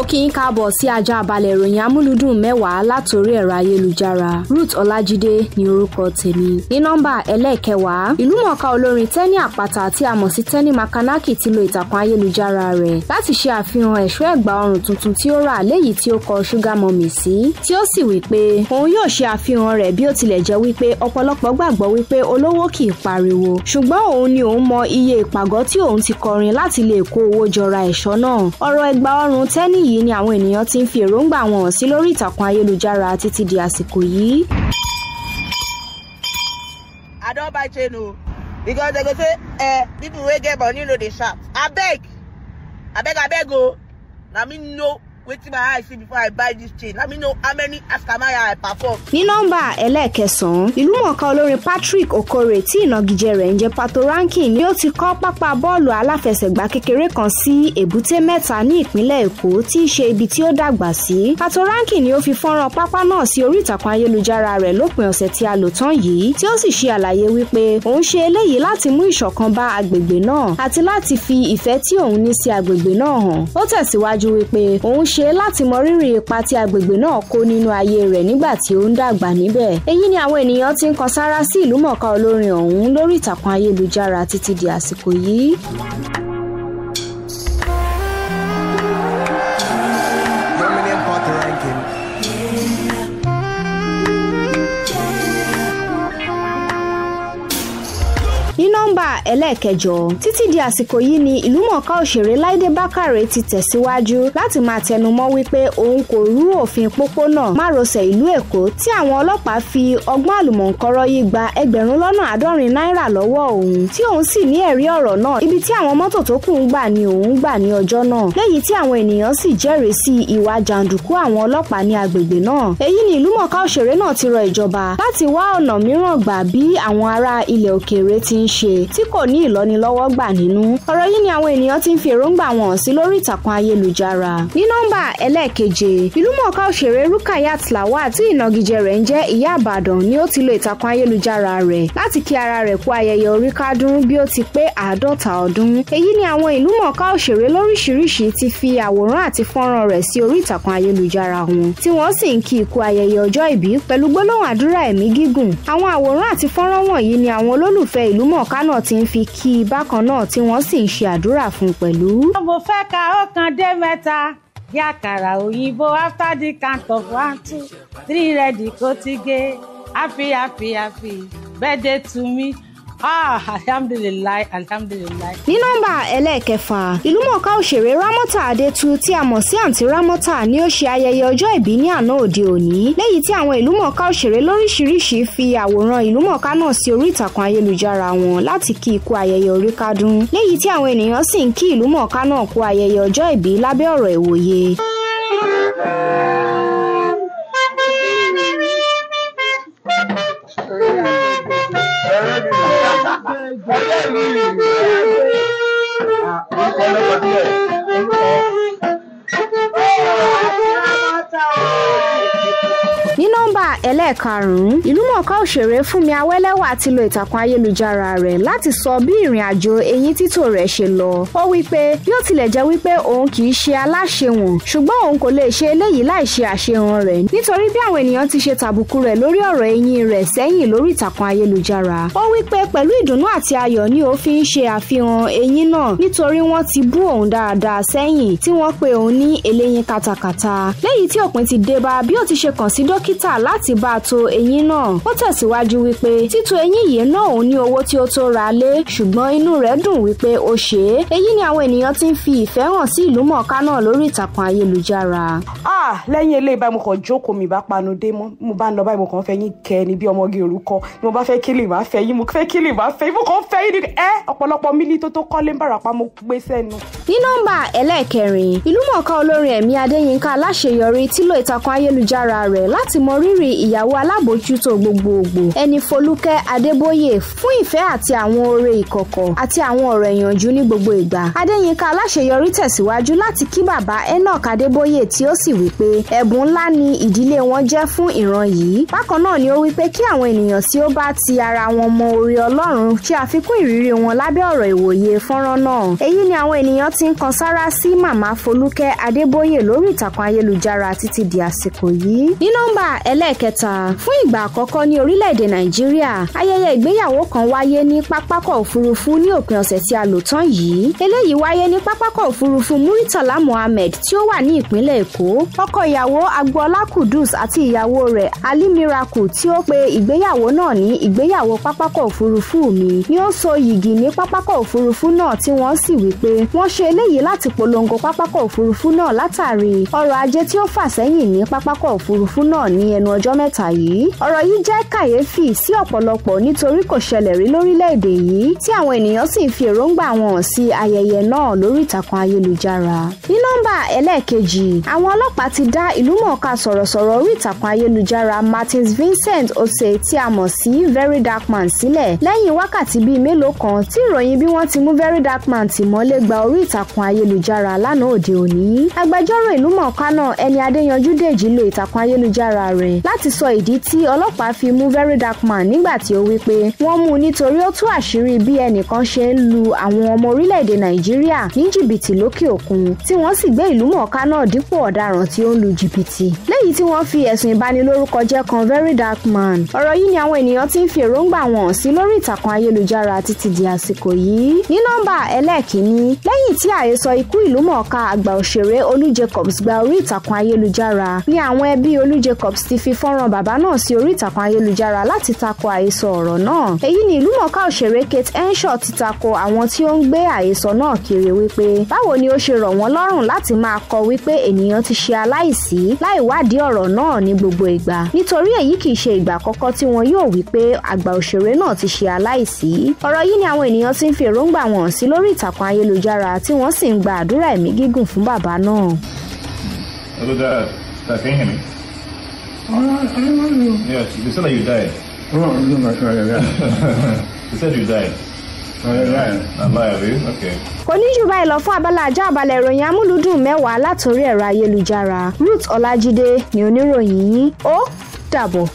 mo kí yín káàbọ̀ sí ajá balẹ̀ ìròyìn amúlùdùn mẹ́wàá látòrí ẹ̀rọ ayélujára Ruth Ọlájídé ní orúkọ tèmi ní nọ́mbà ẹlẹ́ẹ̀kẹwàá ìlúmọ̀ọ́ká olórin Tẹ́ní Àpàtà tí a mọ̀ sí Tẹ́ní Makanaki ti lo ìtàkùn ayélujára rẹ̀ láti ṣe àfihàn ẹ̀ṣọ́ ẹ̀gbà ọrùn tuntun tí ó rà léyìí tí ó kọ Sugar Mummy sí tí ó sì wí pé òun yóò ṣe àfihàn rẹ̀ bí ó tilẹ̀ jẹ́ wípé ọ̀pọ̀lọpọ̀ gbàgbọ́ wípé iye ìpàgọ́ tí òun ti kọrin láti lè kó owó yìí ni àwọn ènìyàn ti ń fi èròǹgbà wọn hàn sí lórí ìtàkùn ayélujára títí di àsìkò yìí. I don buy chain oh. because they go say eh, people wey get money no dey shout abeg abeg abeg o oh. na me know wetin my eye see before i buy this chain let me know how many askamaya i perform. ní nọ́mbà ẹlẹ́ẹ̀kẹsàn-án ìlúmọ̀ọ́ká olórin Patrick Okore tí ìnagijẹ rẹ̀ ń jẹ́ Pato Ranking ni ó ti kọ́ pápá bọ́ọ̀lù aláfẹsẹ̀gbá kékeré kan sí èbúté mẹ́ta ní ìpínlẹ̀ Èkó tí í ṣe ibi tí ó dàgbà sí. Pato Ranking ni ó fi fọ́nrán pápá náà sí orí ìtàkùn ayélujára rẹ̀ lópin ọ̀sẹ̀ tí a lò tán yìí tí ó sì ṣe àlàyé wípé òun ṣe eléyìí láti mú ìṣọ̀kan bá agbègbè náà àti láti fi ìfẹ́ tí òun ní sí agbègbè náà hàn. ó tẹ̀síwájú wípé òun ṣ ṣe láti mọ rírì ipa tí agbègbè náà kó nínú ayé rẹ̀ nígbà tí ó ń dàgbà níbẹ̀ èyí ni àwọn ènìyàn ti ń kan sáárá sí ìlúmọ̀ọ́ká olórin ọ̀hún lórí ìtàkùn ayélujára títí di àsìkò yìí. nọ́mbà ẹlẹ́ẹ̀kẹjọ títí di àsìkò yìí ni ìlúmọ̀ọ́ká òṣèré Láìdé Bákàrè ti tẹ̀síwájú láti máa tẹnumọ́ wípé òun kò rú òfin pópónà márosẹ̀ ìlú Èkó tí àwọn ọlọ́pàá fi ọgbọ́n àlùmọ̀ǹkọ́rọ́ yìí gba ẹgbẹ̀rún lọ́nà àádọ́rin náírà lọ́wọ́ òun tí òun sì ní ẹ̀rí ọ̀rọ̀ náà ibi tí àwọn mọ́tò tó kù ń gbà ni òun gbà ní ọjọ́ náà lẹ́yìn tí àwọn ènìyàn sì jẹ́rìí sí ìwà jàǹdùkú àwọn ọlọ́pàá ní agbègbè náà èyí ni ìlúmọ̀ọ́ká òṣèré náà ti rọ ìjọba láti wá ọ̀nà mìíràn gbà bí àwọn ará ilẹ̀ òkèèrè ti ń ṣe tí kò ní ìlọ́nilọ́wọ́gbà nínú. ọ̀rọ̀ yìí ni àwọn ènìyàn ti ń fi èròǹgbà wọn sí lórí ìtàkùn ayélujára. ní nọ́mbà ẹlẹ́ẹ̀keje ìlúmọ̀ọ́ká òṣèré Rukayat Lawal tí ìnagijẹ rẹ̀ ń jẹ́ ìyá Ìbàdàn ni ó ti lo ìtàkùn ayélujára rẹ̀ láti kí ara rẹ̀ kú ayẹyẹ orí kádún bí ó ti pé àádọ́ta ọdún. èyí ni àwọn ìlúmọ̀ọ́ká òṣèré lóríṣiríṣi ti fi àwòrán àti fọ́nrán rẹ̀ sí orí ìtàkùn ayélujára wọn tí wọ́n sì ń kí ikú ayẹyẹ ọjọ́ ìbí pẹ̀lú gbólóhùn àdúrà náà ti ń fi kí i bákan náà tí wọ́n sì ń ṣe àdúrà fún un pẹ̀lú. mo fẹ́ ka ọ̀kan dé mẹ́ta bí àkàrà òyìnbó after the count of one two three ready kó ti gé happy happy happy birthday to me ah alhamdulilayi alhamdulilayi. ní nọ́mbà ẹlẹ́ẹ̀kẹfà ìlúmọ̀ọ́ká òṣèré Rámọ́tà Adétù tí a mọ̀ sí àǹtí Rámọ́tà ni ó ṣe ayẹyẹ ọjọ́ ìbí ní àná òde òní léyìí tí àwọn ìlúmọ̀ọ́ká òṣèré lóríṣiríṣi fi àwòrán ìlúmọ̀ọ́ká náà sí orí ìtàkùn ayélujára wọn láti kí ikú ayẹyẹ orí kádún léyìí tí àwọn ènìyàn sì ń kí ìlúmọ̀ọ́ká náà kú ayẹyẹ ọjọ́ ìbí lábẹ́ ọ̀rọ̀ ìwòye. Thank ah, you. ẹlẹ́ẹ̀karùn-ún ìlúmọ̀ọ́ká òṣèré Fúnmi Awẹ́lẹ́wà ti lo ìtàkùn ayélujára rẹ̀ láti sọ bí ìrìn àjò eyín títò rẹ̀ ṣe lọ ó wí pé bí ó tilẹ̀ jẹ́ wípé òun kì í ṣe aláṣehàn ṣùgbọ́n òun kò lè ṣe eléyìí láì ṣe àṣehàn rẹ̀ nítorí bí àwọn ènìyàn ti ṣe tàbùkù rẹ̀ lórí ọ̀rọ̀ eyín rẹ̀ sẹ́yìn lórí ìtàkùn ayélujára ó wí ni ó fi ń ṣe àfihàn eyín náà nítorí wọ́n ti bú òun dáadáa sẹ́yìn tí bá a tò eyín náà ó tẹ̀síwájú wípé títò eyín yìí náà òun ní owó tí ó tó ra lé ṣùgbọ́n inú rẹ̀ dùn wípé ó ṣe é èyí ni àwọn ènìyàn ti ń fi ìfẹ́ hàn sí ìlú mọ̀ọ́ká náà lórí ìtàkùn ayélujára ah lẹ́yìn eléyìí báyìí mo kàn jókòó mi bá panu dé mọ́ mo bá ń lọ báyìí mo kàn fẹ́ yín kẹ́ ni bí ọmọge orúkọ ni mo bá fẹ́ kílì máa fẹ́ yín mo fẹ́ kílì máa fẹ́ yín mo kàn fẹ́ yín ni ọ̀pọ̀lọpọ̀ mílí tó tó kọ́lé ń bàràpá mo gbé sẹ́nu. ní nọ́mbà ẹlẹ́ẹ̀kẹrin ìlúmọ̀ọ́ká olórin ẹ̀mí adéyínká aláṣeyọrí tí lo ìtàkùn ayélujára rẹ̀ láti mọ rírì ìyàwó alábòójútó gbogbogbò ẹni folúkẹ́ adébóyè fún ìfẹ́ àti àwọn oore ìkọ̀kọ̀ àti àwọn ọ̀rọ̀ ìyànjú ní gbogbo ìgbà adéyínká aláṣeyọrí tẹ̀síwájú láti kí bàbá enoch adébóyè tí ó sì wí pé ẹ̀bùn ńlá ni ìdílé wọn jẹ́ fún ìran yìí bákan náà ni ó wí pé kí àwọn ènìyàn tí ó bá ti ara wọn mọ oore ọlọ́run ṣe àfikún ìrírí wọn lábẹ́ ọ̀rọ̀ ìwòye fọ́nrán náà èyí ni àwọn ènìyàn ti ń kan sára sí màmá folúkẹ́ adébóyè lórí ìtàkùn ayélujára títí di àsìkò yìí ní nọ́mbà ẹlẹ́ẹ̀kẹta fún ìgbà àkọ́kọ́ ní orílẹ̀-èdè nàìjíríà ayẹyẹ ìgbéyàwó kan wáyé ní pápákọ̀ òfurufú ní òpin ọ̀sẹ̀ tí a lò tán yìí eléyìí wáyé ní pápákọ̀ òfurufú muritala mohammed tí ó wà ní ìpínlẹ̀ èkó ọkọ ìyàwó agboola kudus àti ìyàwó rẹ̀ ali miracle tí ó pe ìgbéyàwó náà ní ìgbéyàwó pápákọ̀ òfurufú mi ni ó so yìgì ní pápákọ̀ òfurufú náà tí wọ́n sì wí pé wọ́n ṣe eléyìí láti polongo pápákọ̀ òfurufú náà látàrí ọrọ̀ ajé tí ó fà sẹ́yìn ní pápákọ̀ òfurufú náà ní ẹnu ọjọ́ mẹ́ta yìí ọ̀rọ̀ yìí jẹ́ kàyéfì sí ọ̀pọ̀lọpọ̀ nítorí kò ṣẹlẹ̀ rí lórílẹ̀‐èdè yìí tí àwọn ènìyàn sì ń fi èròǹgbà wọn sí ayẹyẹ náà lórí ìtàkùn ayélujára ní nọ́mbà ẹlẹ́ẹ̀kejì àwọn ọlọ́pàá ti dá ìlúmọ̀ọ́ká sọ̀rọ̀sọ̀rọ̀ orí ìtàkùn ayélujára Martins Vincent Ose tí a mọ̀ sí Very Dark Man sílẹ̀ lẹ́yìn wákàtí bíi mélòó kan tí ìròyìn bí wọ́n ti mú Very Dark Man tìmọ́lé gba orí ìtàkùn ayélujára lánàá òde òní agbẹjọ́rò ìlúmọ̀ọ́ká náà ẹni Adéyanjú Dèjì lo ìtàkùn ayélujára rẹ̀ láti sọ ìdí tí ọlọ́pàá fi mú Very Dark Man nígbà tí ó wí pé wọ́n mú un nítorí ó tú àṣírí bí ẹnìkan ṣe ń lu àwọn ọmọ orílẹ̀-èdè Nàìjíríà ní jìbìtì tí ó ń lu jìbìtì lẹ́yìn tí wọ́n fi ẹ̀sùn ìbanilórúkọjẹ́ kan very dark man ọ̀rọ̀ yìí ni àwọn ènìyàn ti ń fi èròǹgbà wọn sí lórí ìtàkùn ayélujára títí di àsìkò yìí ní nọ́mbà ẹlẹ́ẹ̀kínní lẹ́yìn tí àhesọ ikú ìlúmọ̀ọ́ká àgbà òṣèré Olú Jacobs gba orí ìtàkùn ayélujára ni àwọn ẹbí Olú Jacobs ti fi fọ́nrán bàbá náà sí orí ìtàkùn ayélujára láti tako àhesọ ọ̀rọ̀ náà èyí ni ìlúmọ̀ọ́ká òṣèré Kate Henshaw ti tako àwọn tí ó ń gbé àhesọ náà kiri wípé báwo ni ó ṣe rọ̀ wọ́n lọ́rùn láti máa kọ wípé ènìyàn ti ṣe al aláìsí láì wádìí ọ̀rọ̀ náà ní gbogbo ìgbà nítorí èyí kì í ṣe ìgbà àkọ́kọ́ tí wọn yóò wí pé àgbà òṣèré náà ti ṣe aláìsí ọ̀rọ̀ yìí ni àwọn ènìyàn ti ń fi èròǹgbà wọn sí lórí ìtàkùn ayélujára tí wọ́n sì ń gba àdúrà ẹ̀mí gígùn fún bàbá náà. Hello, Dad. Dad, can you hear me? Oh, I don't know. Yes, that kò ní jù báyìí lọ fún abala àjọ àbálẹ̀ ìròyìn amúlùdùn mẹ́wàá látòrí ẹ̀rọ ayélujára Ruth Ọlájídé ni oníròyìn yín ó dàbọ̀.